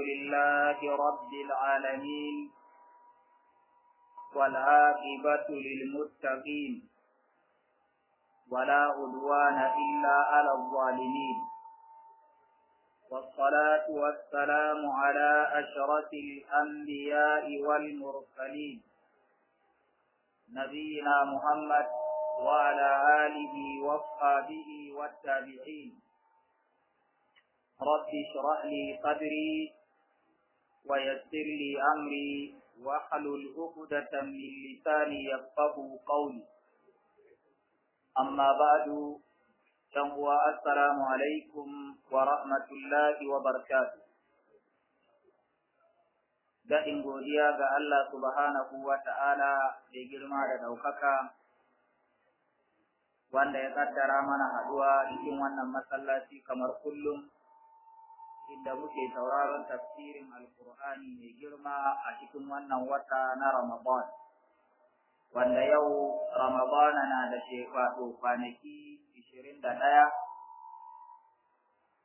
لله رب العالمين والعاقبة للمتقين ولا عدوان إلا على الظالمين والصلاة والسلام على أشرف الأنبياء والمرسلين نبينا محمد وعلى آله وصحبه والتابعين رب اشرح لي صدري ويسر لي أمري واحلل عقدة من لساني يفقه قولي أما بعد فهو السلام عليكم ورحمة الله وبركاته daɗin godiya ga Allah subhanahu wa ta'ala da girma da ɗaukaka, wanda ya ƙaddara mana haɗuwa cikin wannan masallaci kamar kullum inda muke sauraron tafsirin alkur'ani mai girma a cikin wannan wata na ramadan wanda yau ramadana na da shekwato kwanaki ishirin da ɗaya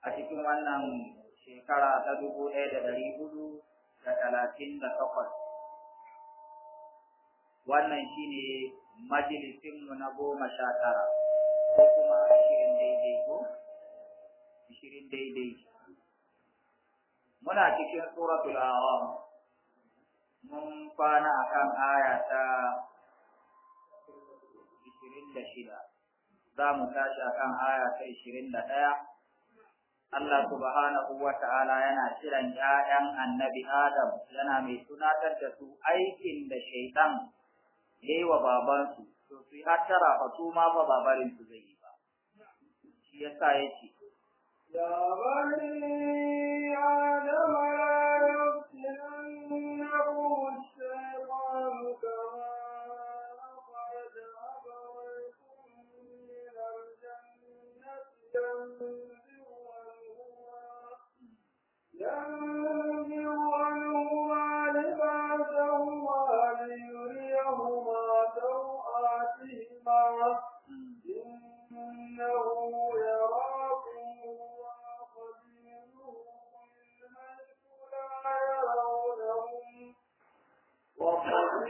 a cikin wannan shekara ta dubu ɗaya da ɗari hudu da talatin da takwas wannan shine majalisinmu na goma sha tara ko kuma ashirin daidai ko ashirin daidai muna cikin suratul a'raf mun kwana akan aya ta 26 za mu tashi akan aya ta 21 Allah subhanahu wa ta'ala yana kiran ‘ya'yan annabi Adam yana mai tunatar da su aikin da shaitan ya yi wa babansu, to su yi hattara fa su ma fa babarinsu zai yi ba. Shi yasa sa ya ce, يا بني آدم لا الشيطان كما أخرج أبويكم من الجنة ينزع عنهما ينزع عنهما لباسهما ليريهما سوآتهما إنه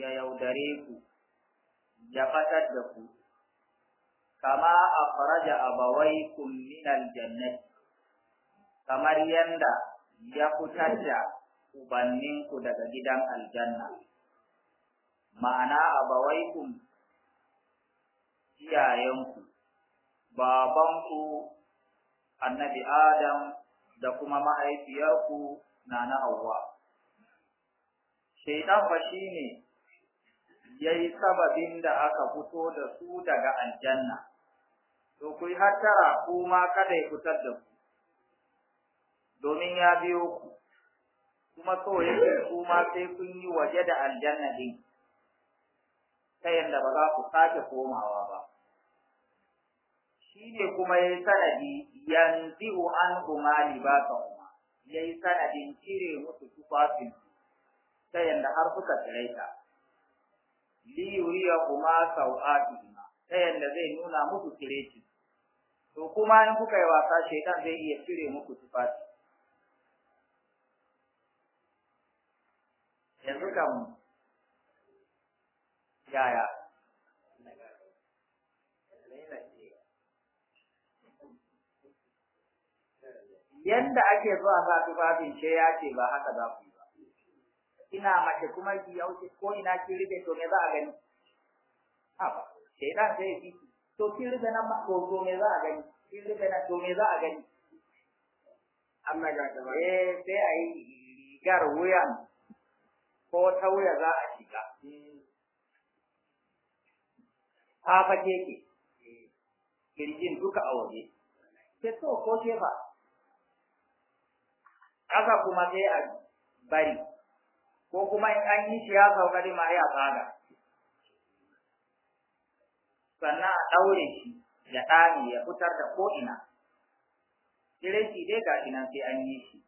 ya yaudare ku ya fatar da ku kama a akhraja abawai min jannet kamar yadda ya fitar da ubanninku daga gidan aljanna ma'ana abawai kun, iyayenku babanku annabi adam da kuma mahaifiyarku na na Hauwa. Shaitan ne yayi sababin da aka fito da su daga aljanna to ku yi hattara ku ma kada ku fitar da ku domin ya biyo ku kuma so yake ku ma sai kun yi waje da aljanna din ta yadda ba za ku sake komawa ba Shi ne kuma yayi sanadi yanzu an umali ba ka kuma yayi sanadin cire musu tufafin ta yadda har suka tsiraita li yuriya kuma sau'atihima ta yadda zai nuna muku kireci to kuma in kuka yi wasa shaitan zai iya cire muku tufafi yanzu kam yaya yanda ake zuwa sa tufafin ce ya ce ba haka za ku yi ina mace kuma ki yauce ko ina ki rufe to me za a gani haba da sai ki to ki rufe na ma ko to me za a gani ki rufe na to me za a gani amma ga da ba eh sai ai yi rigar wuyan ko ta wuya za a shiga ke ki kirjin duka a waje sai to ko ke ba Aka kuma sai a bari ko kuma in an yi shi ya sauka ma ya tsada sannan a ɗaure shi ya ɗari ya fitar da ko'ina shi dai ga ina sai an yi shi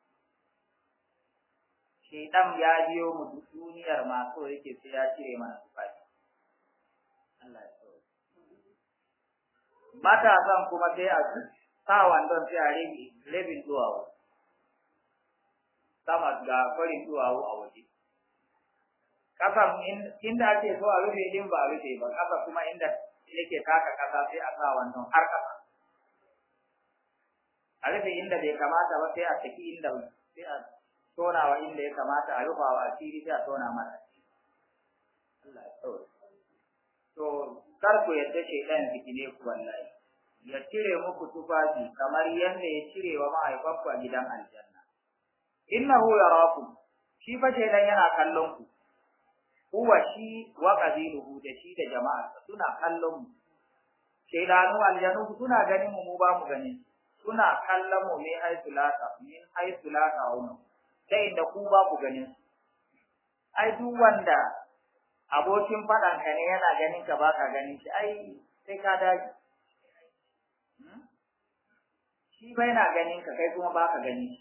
shaidan ya biyo mu duniyar masu yake sai ya cire mana tufafi Allah ya matasan kuma sai a sa wandon sai a rage rabin duwawu sama ga farin zuwa a waje ƙasa inda ake so a rufe din ba a rufe ba ƙasa kuma inda yake taka ƙasa sai a sa wannan har ƙasa a rufe inda bai kamata ba sai a saki inda sai a tonawa inda ya kamata a rufa wa asiri sai a tona mata Allah ya to kar ku yadda ɗayan fitine ku wallahi ya cire muku tufafi kamar yadda ya cire wa ma'aikanku a gidan aljanna innahu yarakum shi fa shaidan yana kallon ku huwa shi wa qabiluhu da shi da jama'a suna kallon mu shaydanu aljanu suna ganin mu mu ba mu gani suna kallon mu min haythu la min haythu la wannan sai da ku ba ku gani ai duk wanda abokin fadan ka ne yana ganin ka baka ganin shi ai sai ka daji hmm? shi bai na ganin ka kai kuma baka ganin shi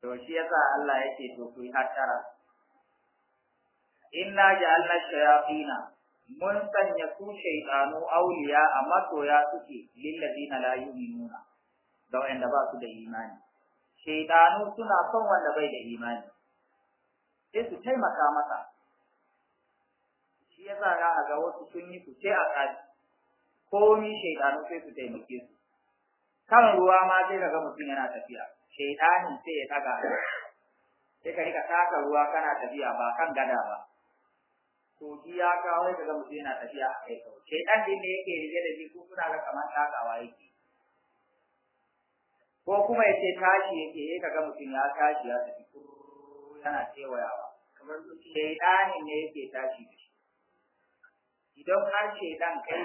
to shi yasa Allah yake to ku yi hakara inna ja'alna shayatina mun sanya su shaytanu awliya to ya suke lillazina la yu'minuna da wanda ba su da imani shaytanu suna son wanda bai da imani sai su taimaka masa shi yasa ga a ga wasu sun yi su ce a kaji komi shaytanu sai su taimake su kan ruwa ma sai ga mutum yana tafiya shaitanin sai ya taga sai ka rika taka ruwa kana tafiya ba kan gada ba kogi ya kawo ka ga mutum yana tafiya a kai kawai shaitan din ne yake rige da shi ko kuna ga kamar takawa yake ko kuma ya ce tashi yake ya kaga mutum ya tashi ya tafi yana cewayawa kamar shaitanin ne yake tashi da shi idan har shaitan kai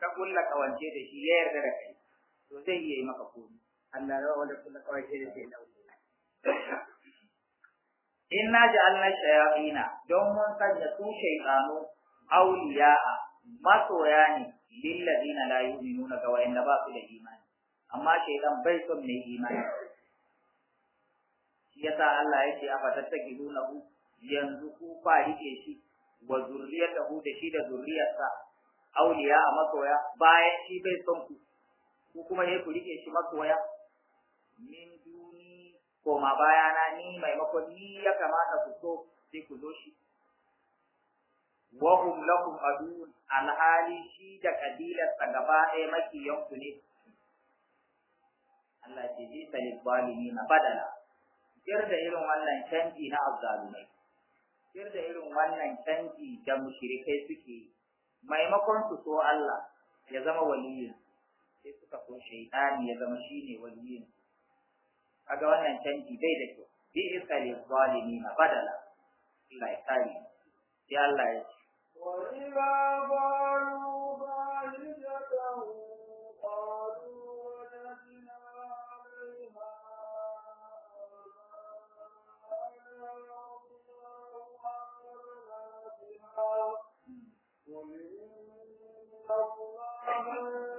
ka kulla kawance da shi ya yarda da kai to zai iya yi maka komi Allah rawa wanda kullum kawai sai da sai nauyi inna ja'alna shayatina don mun sanya su shaytanu awliya'a masoya ne lilladina la yu'minuna ga wayanda ba su da imani amma shaytan bai son mai imani Ya yasa Allah ce a ku yanzu ku fa rike shi wa zurriyar da shi da zurriyarsa awliya a masoya bayan shi bai son ku ku kuma ne ku rike shi masoya min duni ko ma bayana ni maimakon ni ya kamata ku so sai ku zo shi hum lahum adun alhali shi da kabilar ta gaba ɗaya maki yanku ne Allah ce zai sani zalimi na badala kir da irin wannan canji na azzalumai kir da irin wannan canji da mushrikai suke maimakon su so Allah ya zama waliyin sai suka so shaytani ya zama shine waliyin kaga wannan canji bai da kyau bi isa zalimi na badala Allah ya kare ya Allah ya ce وإذا قالوا فاحشة قالوا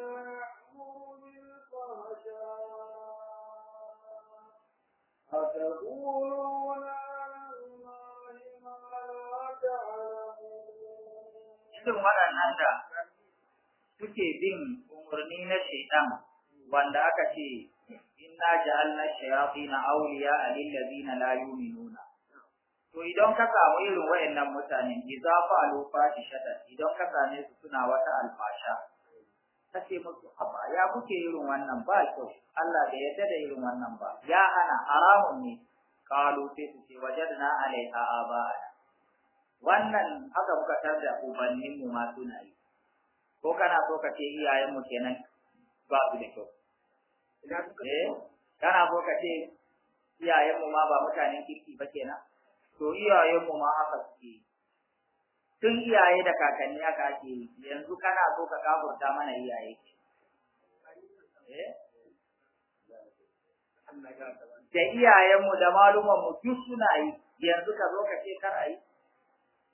وتقولون على الله waɗannan da suke bin umarni na shaitan wanda aka ce inna ja'alna shayatin awliya na layu mai nuna. to idan ka samu irin wayannan mutane idza fa'alu fahishatan idan ka same su suna wata alfasha ta ce musu haba ya kuke irin wannan ba kyau Allah bai yarda da irin wannan ba ya ana haramun ne kalu sai su ce wajadna alaiha aba wannan haka muka tarda ubannin mu ma suna yi ko kana so ka ce iyayen mu kenan ba su da kyau eh kana so ka ce iyayen mu ma ba mutanen kirki ba kenan to iyayen mu ma haka suke tun iyaye da kakanni aka ake yi yanzu kana so ka kafurta mana iyaye da iyayenmu da malumanmu duk suna yi yanzu ka zo ka ce kar a yi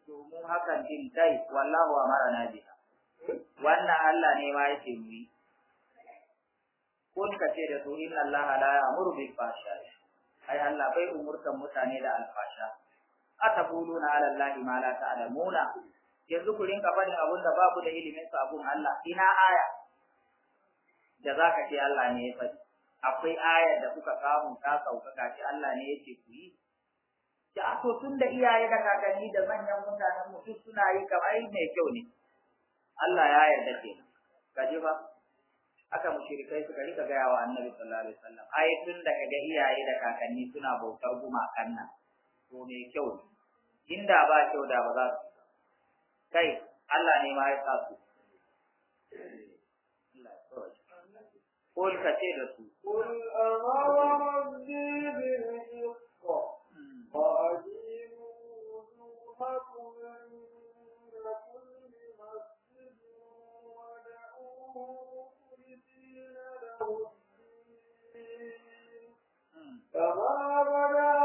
domin hakan din kai wallahu a mara na biya wannan Allah ne ma yake mu yi kun ka ce da su inna Allah la ya'muru bil fahsha ai Allah bai umurtan mutane da alfasha ataquluna ala allahi ma la ta'lamuna yanzu ku rinka fadin abunda da babu da ilimin sa abun Allah ina aya da zaka ce Allah ne ya faɗi akwai ayar da kuka samu ta sauƙaƙa ce Allah ne yake ku yi. Da aso tun da iyaye da kakanni da manyan mutanen mu duk suna yi kamar mai kyau ne. Allah ya yarda ke ka ba aka mushrikai suka rika gaya wa Annabi sallallahu alaihi wasallam ayatun da iyaye da kakanni suna bautar gumakan nan su ne kyau ne, inda ba kyau da ba za su kai Allah ne ma Kulka ce da su. Kul amara rabbi bil hiqqa wa ajibu wujuhakum inda kulli masjidin wa da'uhu mukhlisina lahu الدين كما بدأ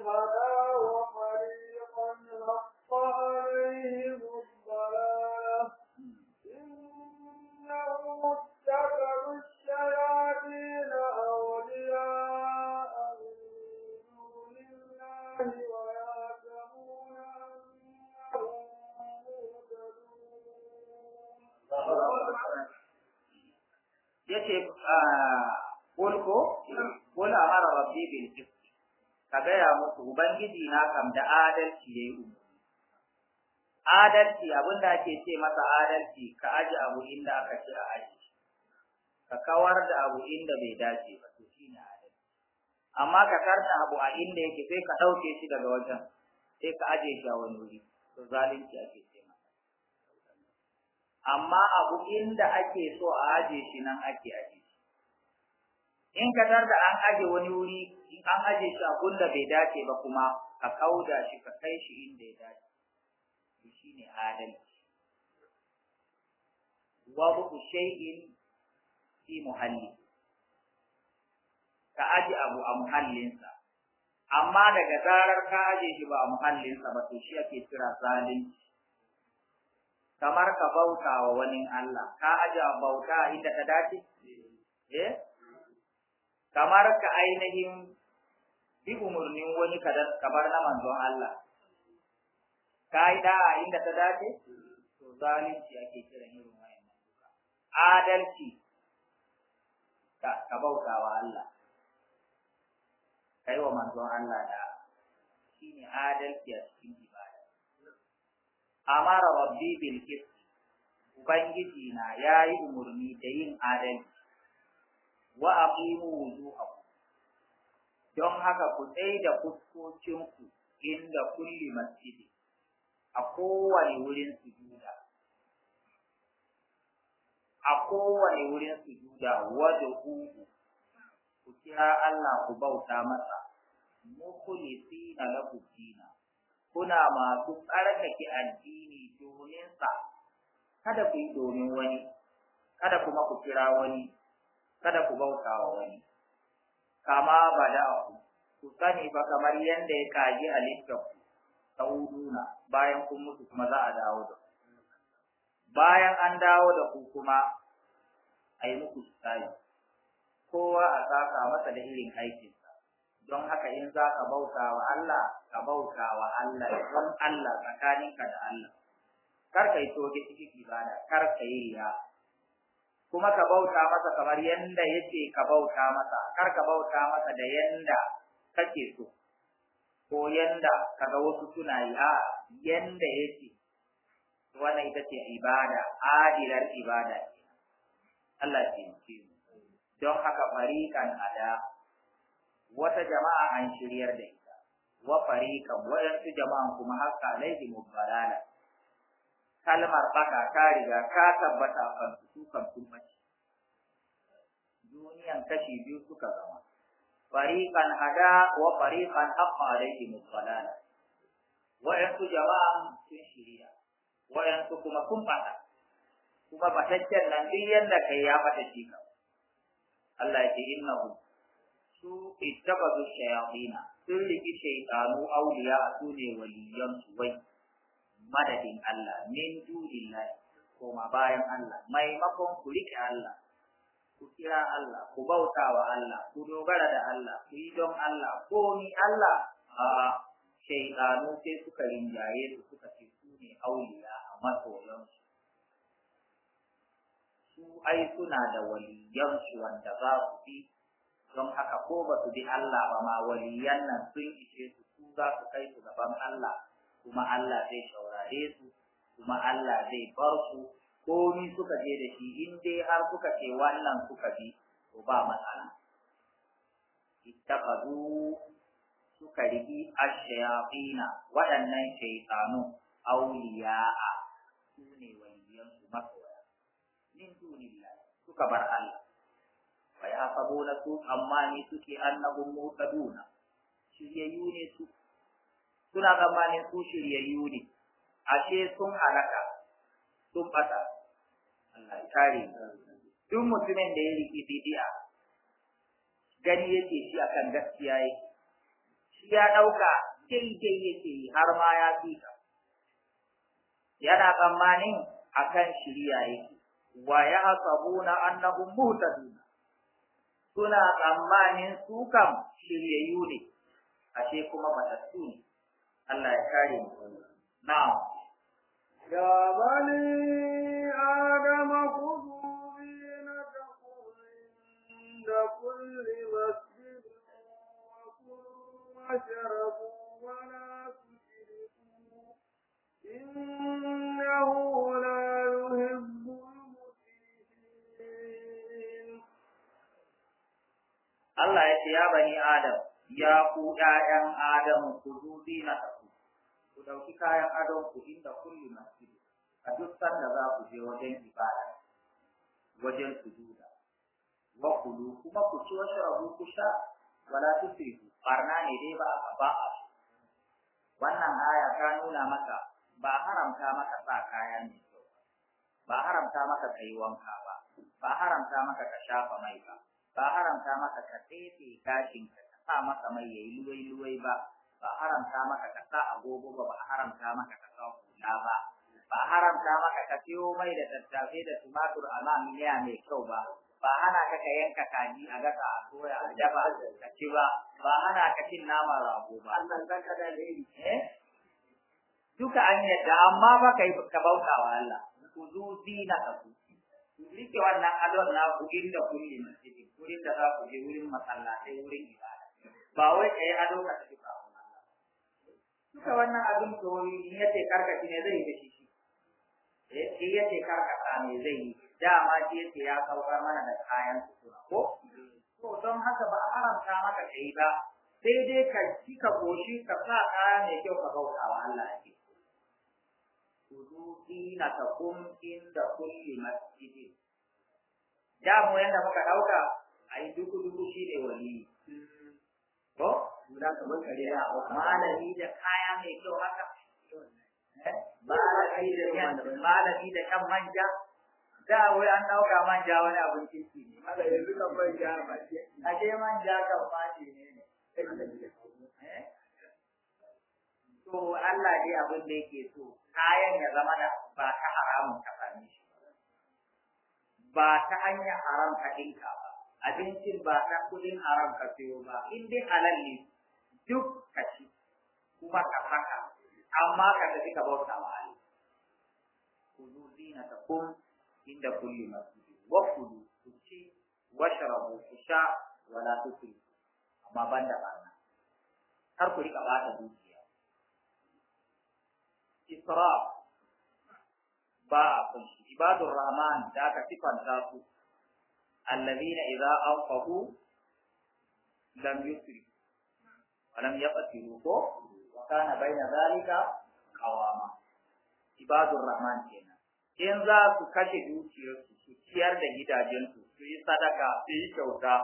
الهدى وفريقا حق عليهم الضلالة إنهم اتخذوا الشياطين أولياء من دون الله ويعلمون أنهم مهتدون yace qul ko qul amara rabbi bil ka gaya musu ubangiji na kam da adalci yayi umu adalci abinda ake ce masa adalci ka aji abu inda aka ce a aji, ka kawar da abu inda bai dace ba to shine adalci amma ka karta abu a inda yake sai ka dauke shi daga wajen sai ka aje shi a wani wuri to zalunci ake ce masa amma abu inda ake so a aje shi nan ake aje shi in ka tarda an aje wani wuri in an aje shi a gunda bai dace ba kuma ka kauda shi ka kai shi inda ya dace shi ne adalci bu shay'in fi muhalli ka aje abu a muhallinsa amma daga zarar ka aje shi ba a muhallinsa ba to shi ake kira zalunci kamar ka bauta wa wani Allah ka aje bauta inda ta dace eh kamar ka ainihin bi umarnin wani kamar na manzon Allah Ka'ida yi inda ta dace to zalunci ake kiran irin wayan duka adalci ka ka bauta wa Allah kai wa manzon Allah da shi ne adalci a cikin ibada amara rabbi bil qist ubangiji na yayi umurni da yin adalci wa aqimu wujuhakum don haka ku tsaye da fuskokinku inda kulli masjidi a kowane wurin sujuda a kowane wurin sujuda wadda uku ku kira Allah ku bauta masa mukhlisina lahu dina kuna masu tsarkake addini domin sa kada ku yi domin wani kada kuma ku kira wani kada ku bauta wa wani kama da abu ku sani ba kamar yadda ya kaji halittar sauduna bayan kun mutu kuma za a dawo da bayan an dawo da ku kuma a yi muku tsari kowa a saka masa da irin aikinsa don haka in za ka bauta wa Allah ka bauta wa Allah don Allah tsakaninka da Allah kar ka yi toge cikin ibada kar ka yi riya kuma ka bauta masa kamar yanda yake ka bauta masa kar ka bauta masa da yanda kake so ko yanda kaga wasu suna yi a yanda yake wannan ita ce ibada adilar ibada ce Allah ya ce don haka fariqan ada wata jama'a an shiryar da ita wa fariqan wayansu jama'an kuma hakka alaihi mubalala kalmar baka ta riga ka tabbata kan su kan sun mace duniyan kashi biyu suka zama fariqan hada wa fariqan haqqa alaihim as-salala wa'ansu jama'a sun shirya wa'ansu kuma sun bata kuma bataccen nan duk yanda kai ya bata shi ka Allah ya ce innahu su ittabazu shayatina sun riki shaytanu awliya su ne waliyan su wai madadin Allah min dunillahi koma bayan Allah maimakon ku rike Allah ku kira Allah ku bauta wa Allah ku dogara da Allah ku yi don Allah ko ni Allah a shaiɗanu sai suka rinjaye su suka ce su ne auliya a masoyansu su ai suna da waliyansu wanda za su bi don haka ko ba su bi Allah ba ma waliyan nan sun ishe su su za su kai su gaban Allah kuma Allah zai saurare su kuma Allah zai bar su komi suka je da shi in dai har suka ce wannan suka bi to ba matsala ittaqadu suka rigi ash waɗannan shaytanu awliya'a su ne waliyan su masoya min dunillah suka bar Allah wa ya sabuna su amma ni suke annabun mutaduna shiryayyu ne su suna tsammanin su shiryayyu ne ashe sun halaka sun fata, Allah duk mutumin da ya riki bidiya, gani yake shi akan gaskiya yake shi ya dauka daidai yake har ma ya fika yana tsammanin akan shirya yake wa ya hasabuna annahum duna, suna tsammanin su kan shiryayyu ne ashe kuma matattu ne Allah ya kare mu na ya bani adama khudhu zinatakum inda kulli masjid wa kulu washrabu wa la tushriku innahu la yuhibbul Allah ya ce ya bani Adam ya ku ƴaƴan Adam ku zuzi na ku ɗauki kayan adon ku inda kulli masjid a duk sanda za ku je wajen ibada wajen sujuda wa kulu kuma ku ci washrabu ku sha wala tusrifu barna ne dai ba a ba a wannan aya ta nuna maka ba haramta maka sa kayan ne ba haramta maka kai wanka ba ba haramta maka ka shafa mai ba ba haramta maka ka tsefe gashin ka sa masa mai yayi luwai luwai ba ba haramta maka ka sa agogo ba ba haramta maka ka sa hula ba ba haramta maka ka siyo mai da tattafe da tumatur a ma miliya mai kyau ba ba hana ka ka yanka kaji a gasa a soya a dafa ka ci ba ba hana ka cin naman rago ba eh? duka an yadda amma ba ka yi ka bauta wa Allah ku zu zina ka ku rike wannan adon na ku inda masu masjidin wurin da za ku je wurin masallatai wurin ibada ba wai yi ado ka tafi ba duka wannan abin tsohoni in ya ce karkashi ne zai yi da shi shi eh, shi ya ce karkasa ne zai yi dama shi ya ce ya saukar mana da kayan suna ko to don haka ba a haramta maka yi ba sai dai ka ci ka goshi ka sa kaya mai kyau ka bauta wa Allah ya na ta kun da kulli masjidin da mu yanda muka dauka ai duku duku shine wali ko guda kamar kare ya wa malami da kaya mai kyau haka eh, malami da kan manja da wai an dauka manja wani abin kirki ne haka yanzu kan manja ba ce a ce manja kan mace ne ne eh. to Allah dai abin da yake so kayan ya zama na ba ta haramun ka shi ba ta hanyar haram ka dinka ba abincin ba na kudin haram ka siyo ba in dai halal ne duk ka ci kuma ka haka amma ka tafi ka bauta wa Allah kudu kun inda kulli yi. wa kudu ku ci wa sharabu ku sha wa la tusrifu amma da barna kar ku rika bata dukiya isra ba a kunshi ibadur rahman da aka sifanta su allazina idza anfaqu لم yusrifu alam yaqtilu ko kana baina zalika qawama ibadur rahman kenan in za su kashe dukiyar su ciyar da gidajen su yi sadaka su yi kyauta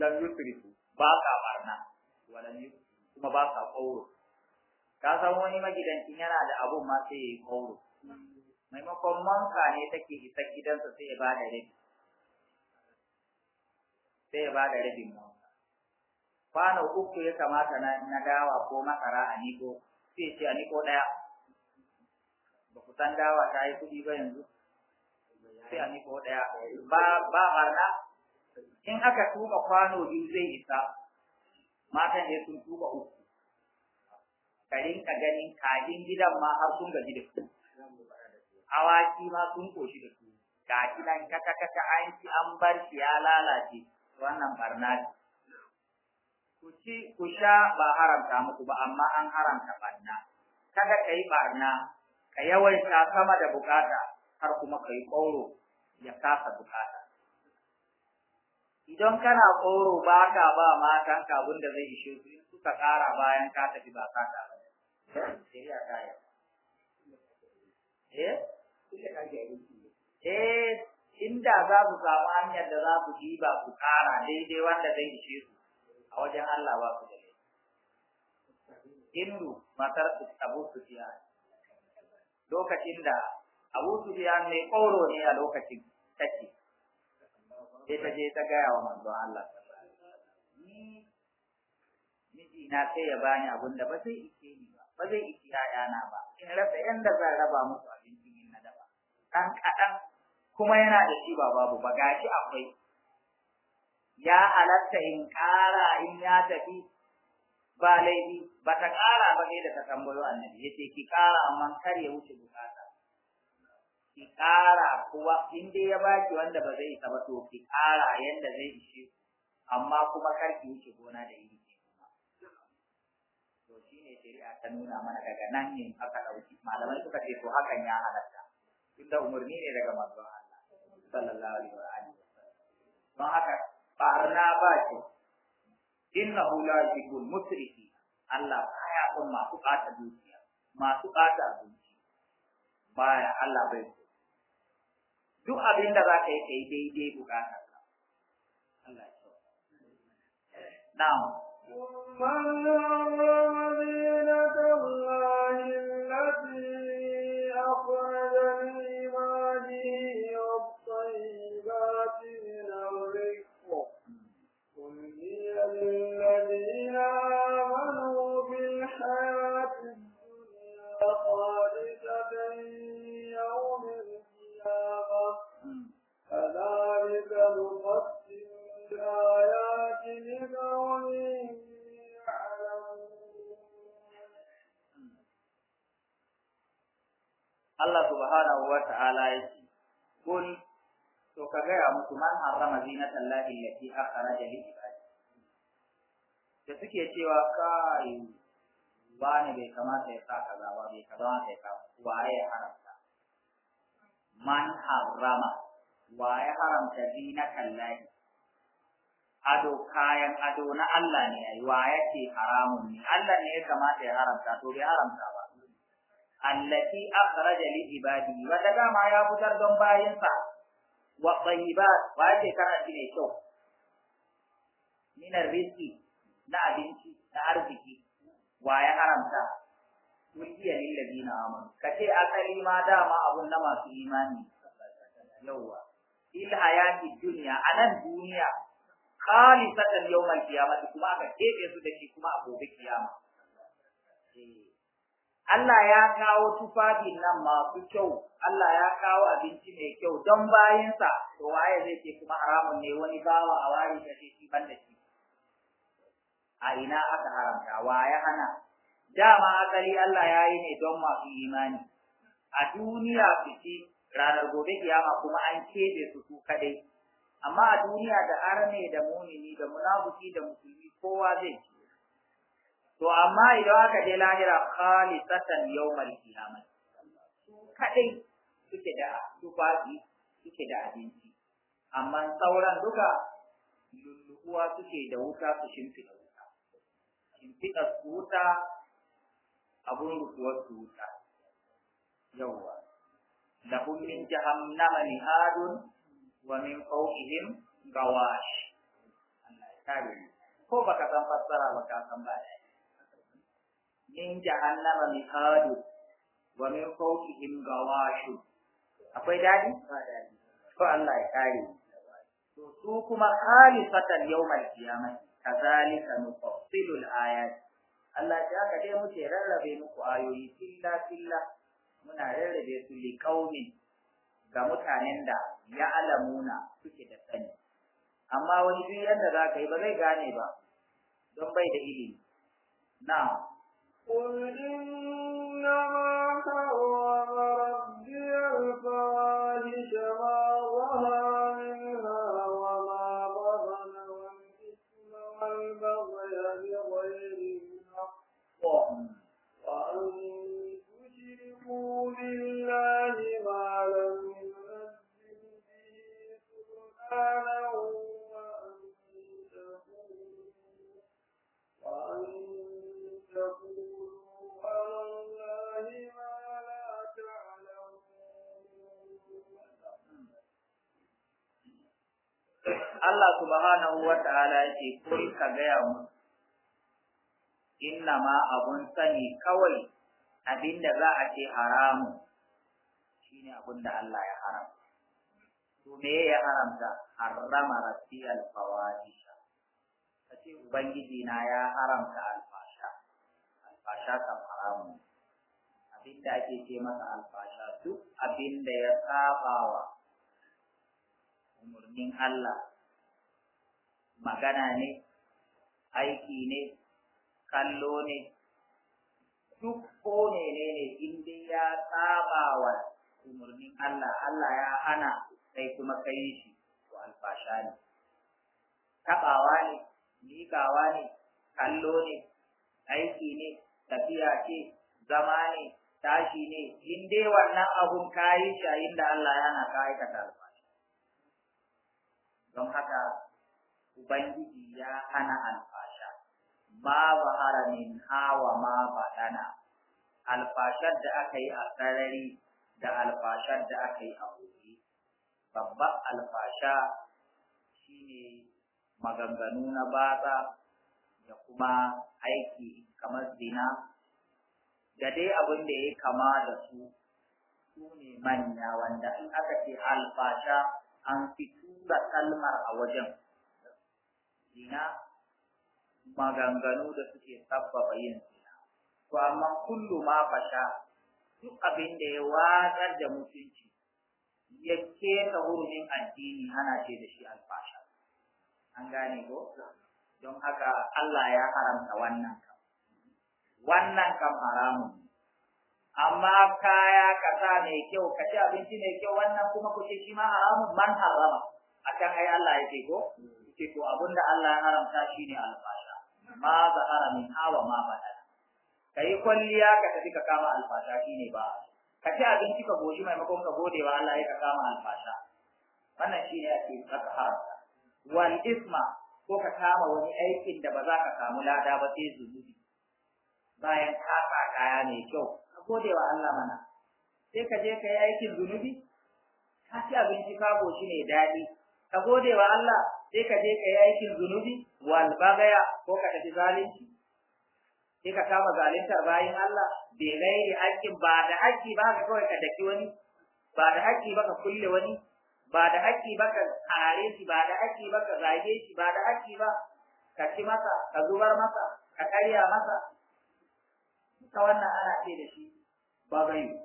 lam yusrifu ba sa barna walan kuma ba sa kauro ka san wani magidancin yana da abun ma sai ya yi kauro maimakon manka ne take isa gidansa sai ya bada rabi sai ya bada rabin mu. kwano uku ya kamata na na dawa ko masara a niko sai ce a niko daya ba ku san dawa ta yi kuɗi ba yanzu sai a niko daya ba ba harna in aka tuka kwano biyu zai isa matan ne sun tuka uku ka rinka ganin kajin gidan ma har sun gaji da su awaki ma sun koshi da su ga kidan kaka kaka an ci an bar shi ya lalace wannan barna ce ku ci ku sha ba haramta muku ba amma an haramta barna kada ka yi barna ka yawaita sama da bukata har kuma ka yi ƙoro ya kasa bukata idan kana ƙoro ba ka ba matan ka abin da zai ishe su suka ƙara bayan ka tafi ba ka ta ba yi eh eh inda za su samu hanyar da za su ji ba ku ƙara daidai wanda zai ishe su a wajen Allah ba su da laifi hindu matar abu Sufyan lokacin da abu Sufyan mai ƙoro ne a lokacin take sai ta je ta gaya wa manzo Allah ni miji na sai ya bani abin da ba zai ike ni ba ba zai yaya yayana ba in rasa da zan raba musu abincin yin na daba dan kaɗan kuma yana da shi ba babu ba gashi akwai ya halatta in ƙara in ya tafi ba laifi ba ta ƙara ba sai da ta tambayo annabi ya ce ki ƙara amma kar ya wuce bukata ki ƙara kuwa in dai ya baki wanda ba zai isa ba to ki ƙara yanda zai ishe amma kuma kar ki wuce gona da yi to ne shari'a ta nuna mana daga nan ne aka ɗauki malamai suka ce to hakan ya halatta tunda umarni ne daga manzon Allah sallallahu alaihi wa alihi don haka barna ba shi innahu la yuhibbul musrifin Allah baya son masu ƙata dukiya masu ƙata dukiya, baya Allah bai so duk abin da za ka yi kai daidai bukatar ka Allah ya Now, الذين آمنوا في الحياة الدنيا خالصة يوم القيامة كذلك نفصل الآيات لقوم Allah subhanahu wa ta'ala ya ce, Kun, to ka gaya musu man harrama zinatan lahi lati akhara da da suke cewa kai ba ne bai kamata ya sa kaza ba bai kamata ya sa ba ya haramta man harama Wa ya haramta dina kallahi ado kayan ado na Allah ne yayi wa yake haramun ne Allah ne ya kamata ya haramta to bai haramta ba allati akhraja li ibadi wa daga ma ya fitar don bayinsa wa tayyibat wa yake shi ne kyau Minar rizqi na abinci na arziki wa ya haramta iya lillazi na amanu ka ce asali ma dama abun na masu imani yauwa il hayati duniya a nan duniya khalisatan yawmal kiyama kuma aka kebe su da shi kuma a gobe kiyama eh. Allah ya kawo tufafi nan masu kyau, Allah ya kawo abinci mai kyau don bayansa, to waye zai ce kuma haramun ne wani bawa a wari da shi ban da shi. a ina aka haramta wa ya hana dama asali Allah ya yi ne don masu imani a duniya fiti ranar gobe kiyama kuma an keɓe su su kadai amma a duniya da arne da munini, da munafiki da musulmi kowa zai ci to amma idan aka je lahira khalisatan yawmal qiyamah su kadai suke da tufafi suke da abinci amma sauran duka lulluwa suke da wuta su shimfiɗa shimfiɗa su wuta abun rufuwar su wuta yawwa lahum min jahannama ni hadun wa min fawqihim gawash Allah ya ko baka san fassara ba ka san ba min jahannama ni hadun wa min fawqihim gawash akwai dadi ba dadi Ko Allah ya kare to su kuma halifatan yawmal qiyamah kazalika nufaw nufassilul ayat Allah ya ka dai muke rarrabe muku ayoyi filla filla muna rarrabe su li qaumin ga mutanen da ya alamuna suke da sani amma wani duk yanda za ka yi ba zai gane ba don bai da ilimi na قل إنما Allah subhanahu wa ta'ala ce kai ka gaya mu inna ma abun sani kawai abinda za a ce haramu shine abin da Allah ya haramta to me ya haramta harama rabbi al fawahisha kace ubangiji na ya haramta alfasha alfasha kan haramu abinda ake ce masa alfasha duk abinda ya saba wa umarnin Allah magana ne aiki ne kallo ne duk ko ne ne ne dai ya saba wa umarnin Allah Allah ya hana sai kuma kai shi to alfasha ne taɓawa ne miƙawa ne kallo ne aiki ne tafiya ce zama ne tashi ne inda wannan abun kayi shi a inda Allah yana ka aikata alfasha don haka ubangiji ya hana alfasha ba zahara haramin hawa ma baɗana alfashar da aka yi a sarari da alfashar da aka yi a gobe babban alfasha shine maganganu na baza da kuma aiki kamar zina da dai abin da ya kama da su su ne manya wanda in aka ce alfasha an fi tura kalmar a wajen zina maganganu da suke sabbaba yin zina to amma kullu ma fasha duk abin da ya watsar da mutunci ya keta hurumin addini ana ce da shi alfasha an gane ko don haka Allah ya haramta wannan kam wannan kam haramun amma kaya kasa mai kyau ka ci abinci mai kyau wannan kuma ku ce shi ma haramun man harama akan ai Allah yake ko ce to abinda Allah ya haramta shine alfasha ma za min hawa ma bada kai kwalliya ka tafi ka kama alfasha shine ba ka ci abinci ka goshi maimakon ka gode wa Allah ya ka kama alfasha wannan shine ake saka haramta wal isma ko ka kama wani aikin da ba za ka samu lada ba sai zunubi bayan ka sa kaya mai kyau ka gode wa Allah mana sai ka je ka yi aikin zunubi ka ci abinci ka goshi ne daɗi ka gode wa Allah sai ka je ka yi aikin zunubi wal bagaya ko ka tafi zalunci sai ka kama zaluntar bayan Allah bai gairi hakkin ba da hakki ba ka kawai ka daki wani ba da hakki ba ka kulle wani ba da hakki ba ka kare shi ba da hakki ba ka zage shi ba da hakki ba ka ci masa ka zubar masa ka karya masa ta wannan ana ce da shi bagayu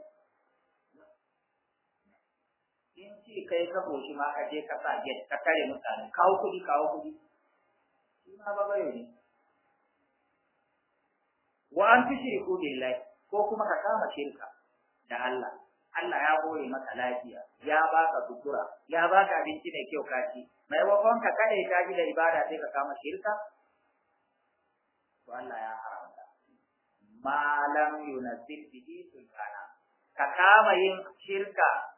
in ce kai ka hoshi ma ka je ka sa get ka kare mutane kawo kuɗi kawo kuɗi shi ma ba bayo ne wa an tushriku billahi ko kuma ka kama shirka da Allah Allah ya hore maka lafiya ya baka sutura ya baka abinci mai kyau kaci mai wakon ka kare ta da ibada sai ka kama shirka to Allah ya haramta ma lam yunzil bihi sultana ka kama yin shirka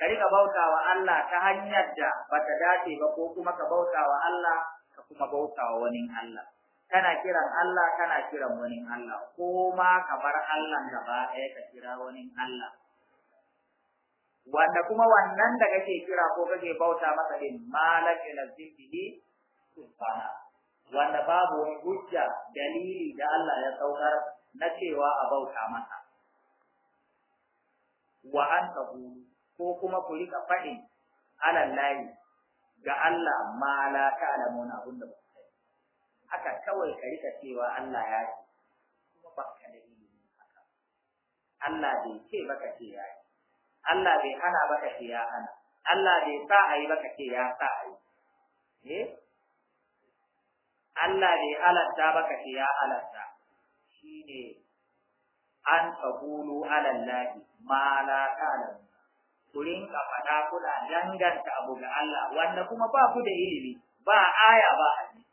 ka riƙa bauta wa Allah ta hanyar da ba bata dace ba ko kuma ka bauta wa Allah ka kuma bauta wa wani Allah kana kiran Allah kana kiran wani Allah ko ma ka bar Allah gaba ɗaya ka kira wani Allah wanda kuma wannan da kake kira ko kake bauta masa din malakin nazihi subhana wanda babu wani hujja dalili da Allah ya saukar na cewa a bauta masa wa an tabu ko kuma ku rika faɗin alallahi ga Allah ma la ta'lamuna abunda ba ku haka kawai ka rika cewa Allah ya ce kuma ba ka da ilimi haka Allah bai ce baka ce ya yi Allah bai hana baka ce ya hana Allah bai sa a yi baka ce ya sa a yi eh Allah bai halatta baka ce ya halatta shine an taqulu alallahi ma la ta'lamuna Kurin ka faɗa kuna danganta abu ga Allah wanda kuma ba ku da ilimi ba aya ba hadisi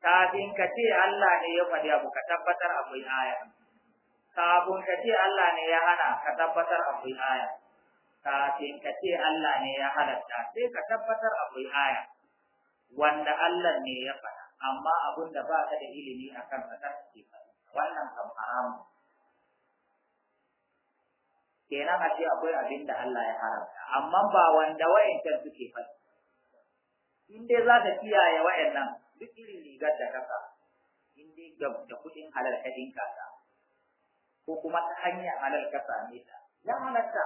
kafin ka ce Allah ne ya faɗi abu ka tabbatar akwai aya kafin ka ce Allah ne ya hana ka tabbatar akwai aya kafin ka ce Allah ne ya halatta sai ka tabbatar akwai aya wanda Allah ne ya faɗa amma abun da ba ka da ilimi akan ka tabbatar wannan kam haramun kenan a ce akwai abin da Allah ya haramta amma ba wanda wa'ancan suke faɗi in dai za ka kiyaye wa'annan duk irin rigar da kasa in dai da kuɗin halal ka kasa, ta ko kuma ta hanyar halal ka ne ta ya halatta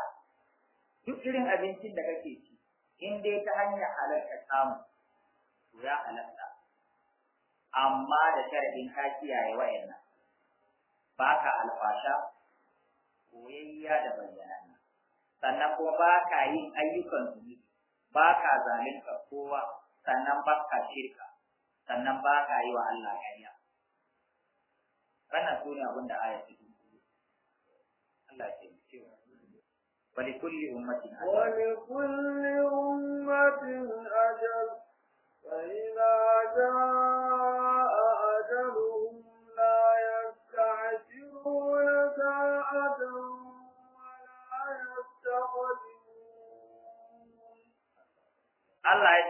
duk irin abincin da kake ci in dai ta hanyar halal ka samu to ya halatta amma da sharadin ka kiyaye wa'annan ba ka alfasha soyayya da bayyana sannan kuma ba ka yin ayyukan zunubi ba ka zalunta kowa sannan ba ka shirka sannan ba ka yi wa Allah ƙarya wannan sune abin da aya ta Allah ya ce ولكل أمة أجل ummatin ajal أجل فإذا جاء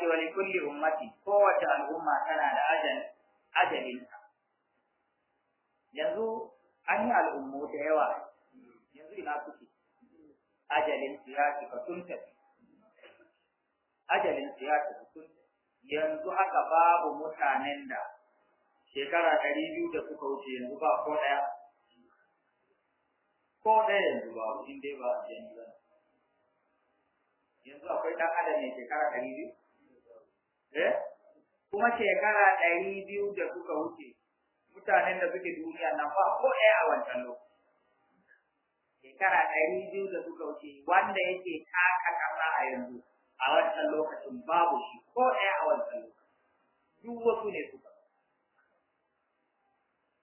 wa li kulli ummati kowace al'umma tana da ajal ajalinta yanzu an yi al'ummu da yawa yanzu ina kuke ajalin ya ka sun tafi ajalin siyasi ka sun yanzu haka babu mutanen da shekara ɗari biyu da suka wuce yanzu ba ko ɗaya ko ɗaya yanzu ba in dai ba yanzu yanzu akwai ɗan adam ne shekara ɗari biyu Eh? kuma shekara ɗari biyu da suka wuce mutanen da suke duniya na ba ko ɗaya a wancan lokaci shekara ɗari biyu da suka wuce wanda yake taka ƙasa a yanzu a wancan lokacin babu shi ko ɗaya a wancan lokacin duk wasu ne suka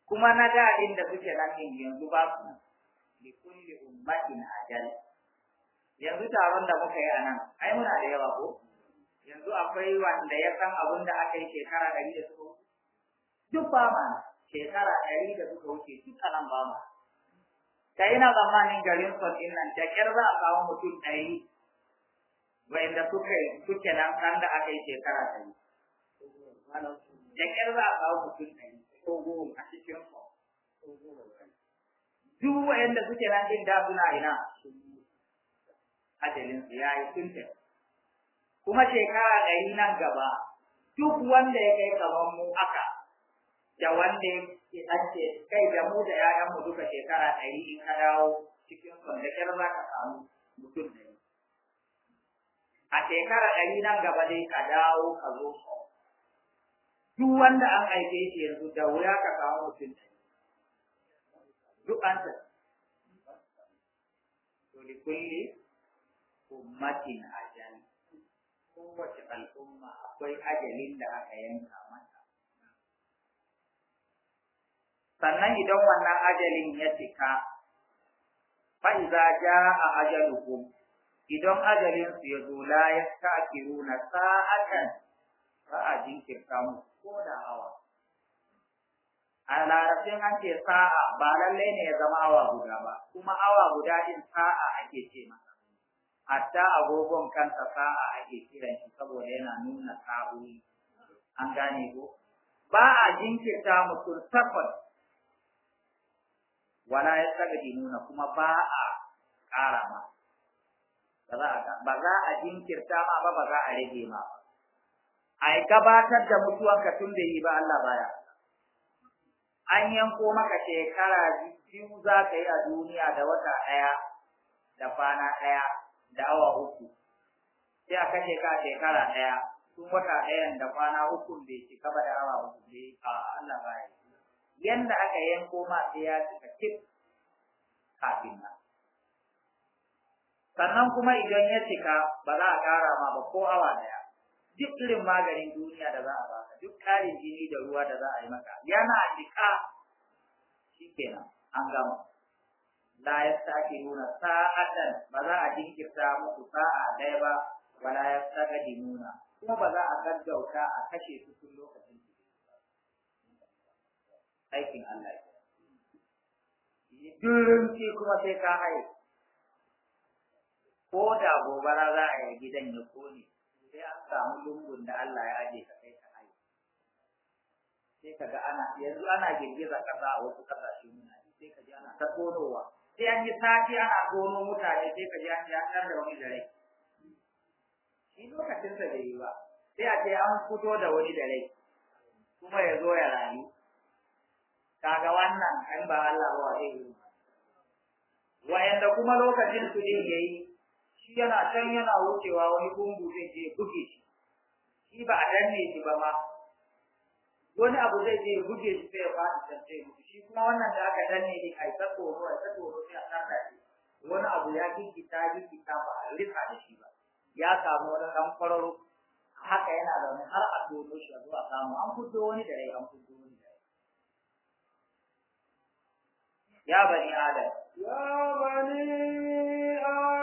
kuma na da inda suke nan yanzu ba su li kulli ummatin ajal yanzu taron da muka yi a nan ai muna da yawa ko yanzu akwai wanda ya san abin da aka yi shekara ɗari da suka wuce duk ba ma shekara ɗari da suka wuce duk a nan ba ma ta ina zamanin garin son ɗin nan da kyar za a kawo mutum ɗari wa'inda suka suke nan kan da aka yi shekara ɗari da kyar za a kawo mutum ɗari ko goma a cikin duk wa'inda suke nan ɗin da suna ina ajalin su ya yi sun tafi kuma shekara ɗari nan gaba duk wanda ya kai gaban mu aka da wanda ya ake kai da mu da ‘ya'yanmu duka shekara ɗari in ka dawo cikin kwandakiyar za ka samu mutum ɗari. A shekara ɗari nan gaba dai ka dawo ka zo duk wanda an aike shi yanzu da wuya ka samu mutum ɗari. Duk an ta. Dole kulli ummatin aji. kowace al'umma akwai ajalin da aka yanka mata. Sannan idan wannan ajalin ya cika, fa'iza ja a ajalukum, idan su ya zo la ya takiru na sa'atan ba a jinkirta mu ko da awa. A larabcin an ce sa'a ba lallai ne ya zama awa guda ba, kuma awa guda ɗin sa'a ake ce masa. hatta agogon kansa sa'a ake kiran shi saboda yana nuna sa'o'i an gane ko ba a jinkirta mutum takwas wala ya saka nuna kuma ba a ƙara ma ba za a jinkirta ma ba ba za a rage ma ba a yi gabatar da mutuwanka tun da yi ba Allah baya. An yanko maka shekara biyu za ka yi a duniya da wata ɗaya da kwana ɗaya, da awa uku sai a kashe ka shekara ɗaya tun wata ɗayan da kwana uku bai cika ba da awa uku bai a Allah ba ya yanda aka yanko ma sai ya cika cif kafin nan sannan kuma idan ya cika ba za a ƙara ma ba ko awa ɗaya duk irin maganin duniya da za a baka duk ƙarin jini da ruwa da za a yi maka yana cika shikenan an gama la nuna sa'atan ba za a jinkirta musu sa'a ɗaya ba wala yastaqdimuna kuma ba za a gaggauta a kashe su cikin lokacin aikin Allah Durunci kuma sai ka haye, ko da gobara za a yi gidan ya kone, sai an samu lungun da Allah ya aje ka kai ka haye. Sai ka ga ana, yanzu ana girgiza ƙasa a wasu ƙasashe muna, sai ka ji ana ta konowa. sai an yi sati ana gono mutane sai ka ji an yanar da wani dare shi lokacin sa bai yi ba sai a ce an fito da wani dare kuma ya zo ya rayu kaga wannan an ba Allah ba zai yi wayanda kuma lokacin su din yayi shi yana can yana wucewa wani gungu zai je buge shi shi ba a danne shi ba ma wani abu zai je buge shi sai ya faɗi can sai shi kuma wannan da aka danne ne kai ta tsoro ai ta tsoro sai a tsarda shi wani abu ya gigita gigita ba a rika da shi ba ya samu wani ɗan kwararo haka yana zaune har a dodo shi a zuwa samu an fito wani da rai an fito wani da rai ya bani adam ya bani adam